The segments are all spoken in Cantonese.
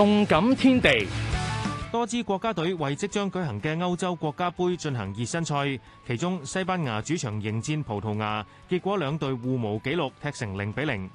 動感天地，多支國家隊為即將舉行嘅歐洲國家盃進行熱身賽，其中西班牙主場迎戰葡萄牙，結果兩隊互無紀錄踢成零比零。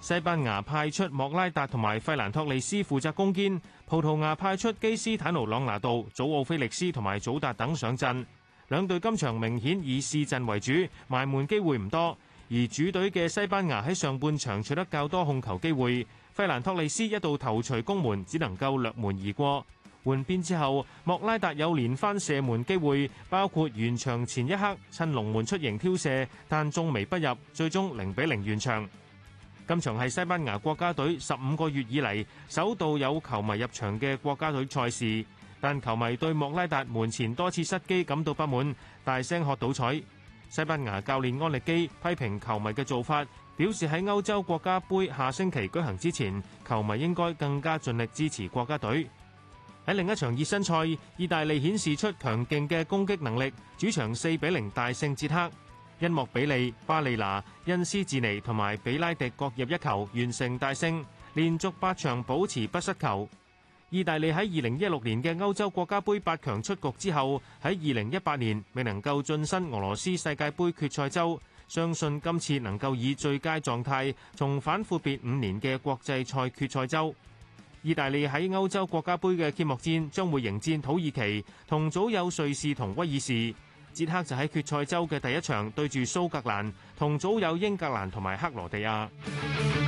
西班牙派出莫拉達同埋費蘭托利斯負責攻堅，葡萄牙派出基斯坦奴朗拿度祖奧菲力斯同埋祖達等上陣，兩隊今場明顯以試陣為主，埋門機會唔多。而主隊嘅西班牙喺上半場取得較多控球機會，費蘭托利斯一度頭槌攻門，只能夠掠門而過。換邊之後，莫拉達有連番射門機會，包括完場前一刻趁龍門出營挑射，但中楣不入。最終零比零完場。今場係西班牙國家隊十五個月以嚟首度有球迷入場嘅國家隊賽事，但球迷對莫拉達門前多次失機感到不滿，大聲喝倒彩。西班牙教練安力基批評球迷嘅做法，表示喺歐洲國家盃下星期舉行之前，球迷應該更加盡力支持國家隊。喺另一場熱身賽，意大利顯示出強勁嘅攻擊能力，主場四比零大勝捷克。恩莫比利、巴利拿、恩斯治尼同埋比拉迪各入一球，完成大勝，連續八場保持不失球。意大利喺二零一六年嘅歐洲國家杯八強出局之後，喺二零一八年未能夠晉身俄羅斯世界杯決賽周，相信今次能夠以最佳狀態重返闊別五年嘅國際賽決賽周。意大利喺歐洲國家杯嘅揭幕戰將會迎戰土耳其，同組有瑞士同威爾士。捷克就喺決賽周嘅第一場對住蘇格蘭，同組有英格蘭同埋克羅地亞。